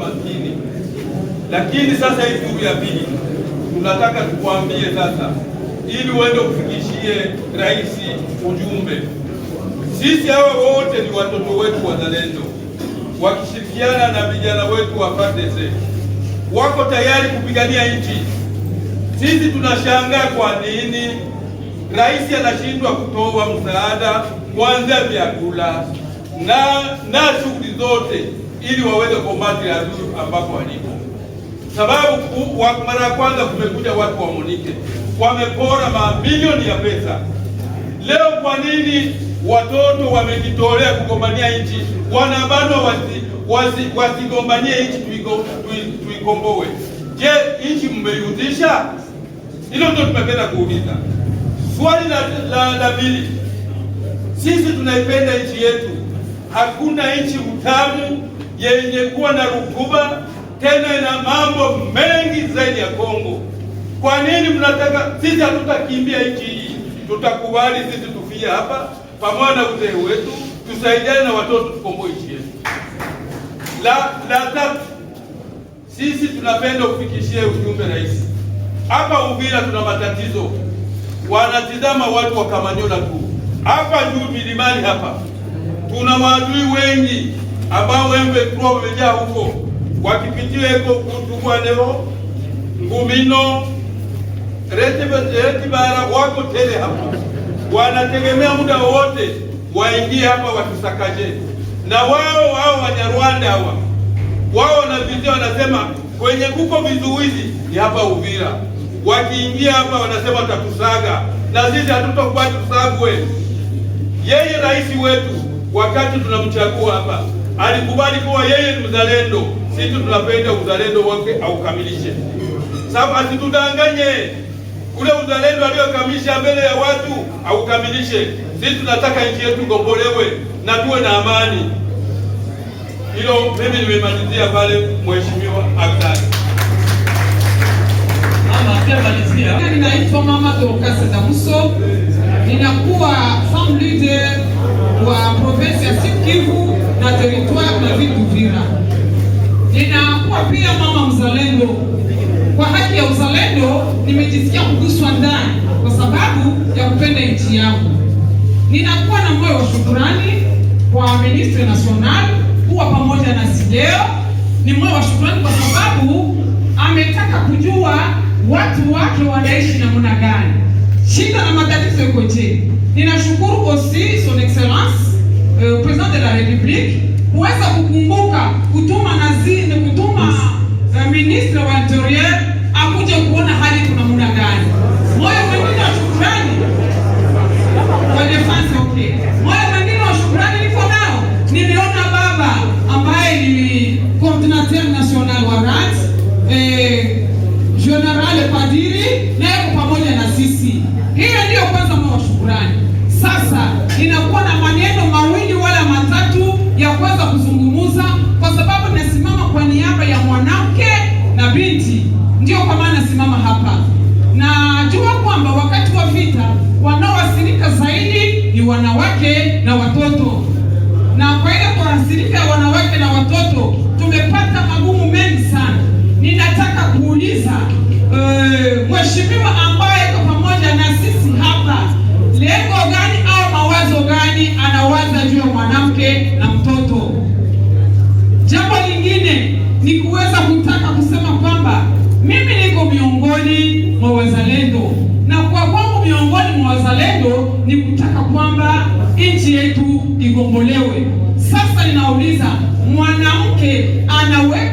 maskini. Lakini sasa hii duru ya pili tunataka tukwambie sasa, ili uende kufikishie rais ujumbe, sisi hawa wote ni watoto wetu wazalendo, wakishirikiana na vijana wetu wa FARDC wako tayari kupigania nchi. Sisi tunashangaa kwa nini rais anashindwa kutoa msaada, kwanza vyakula na na shughuli zote ili waweze kumbati adui ambapo walipo, sababu mara ya kwanza kumekuja watu wa Monike wamepora mamilioni ya pesa. Leo kwa nini watoto wamejitolea kugombania nchi, wanabanwa wasi wasigombanie wasi nchi tuikomboe? Je, nchi mmeiuzisha? Hilo ndio tumependa kuuliza. Swali la pili, sisi tunaipenda nchi yetu, hakuna nchi utamu yenye kuwa na rutuba tena ina mambo mengi zaidi ya Kongo. Kwa nini mnataka sisi? Hatutakimbia nchi hii, tutakubali sisi tufie hapa pamoja na uzee wetu, tusaidiane na watoto tukomboe nchi yetu. La, la tatu, sisi tunapenda kufikishia ujumbe rais. Hapa Uvira tuna matatizo, wanatizama watu wa Kamanyola tu. Hapa juu milimani hapa tuna maadui wengi ambao wemvekuwa wamejaa huko wakipitiweko leo ngumino retibara wako tele hapo, wanategemea muda wowote waingie hapa watusakaje. Na wao wao Wanyarwanda hawa wao wanavitia, wanasema kwenye kuko vizuizi ni hapa Uvira. Wakiingia hapa wanasema watatusaga, na sisi hatutokuwa tusagwe. Yeye rais wetu wakati tunamchagua hapa Alikubali kuwa yeye ni mzalendo, sisi tunapenda uzalendo wake aukamilishe, sababu asitudanganye. Ule uzalendo aliyokamilisha mbele ya watu aukamilishe. Sisi tunataka nchi yetu gombolewe na tuwe na amani. Hilo mimi nimemalizia pale, mheshimiwa aktari. Ninaitwa Mama Dorcas Damuso, ninakuwa farm leader wa province ya Sud Kivu na teritwari na vitu vira. Ninakuwa pia mama mzalendo. Kwa haki ya uzalendo, nimejisikia kuguswa ndani kwa sababu ya kupenda nchi yangu. Ninakuwa na moyo wa shukurani kwa Ministre National kuwa pamoja na Sideo. Ni moyo wa shukurani kwa sababu ametaka kujua watu wake wanaishi namna gani, shida na matatizo je. Ninashukuru osi son excellence uh, president de la republique kuweza kukumbuka kutuma naziri, eh, kutuma uh, ministre wa interieur akuje kuona hali kuna muda gani. Moyo mwingine wa shukrani kwa defense okay. Moyo mwingine wa shukrani niko nao, nimeona baba ambaye ni coordinateur national wa RAT eh, general Padiri na mama hapa. Najua kwamba wakati wa vita wanaoathirika zaidi ni wanawake na watoto, na kwa ile kuathirika ya wanawake na watoto ni kutaka kwamba nchi yetu igombolewe. Sasa ninauliza mwanamke anaweka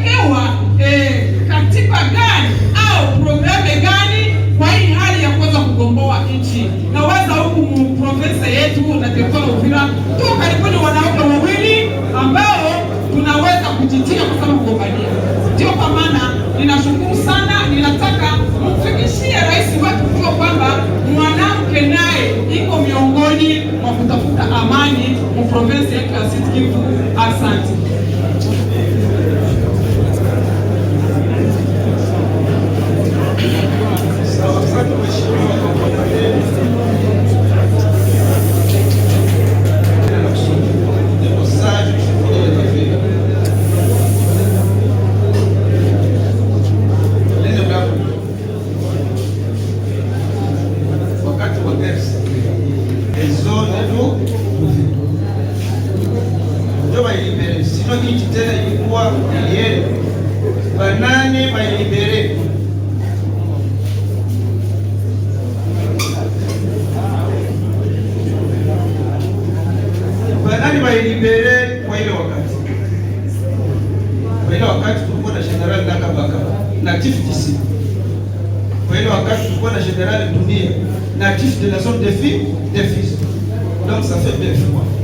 Asante. na TFDC. vous hiyo wakati tulikuwa la générale Dunia na natif de la zone des filles des fils, donc ça fait deux fois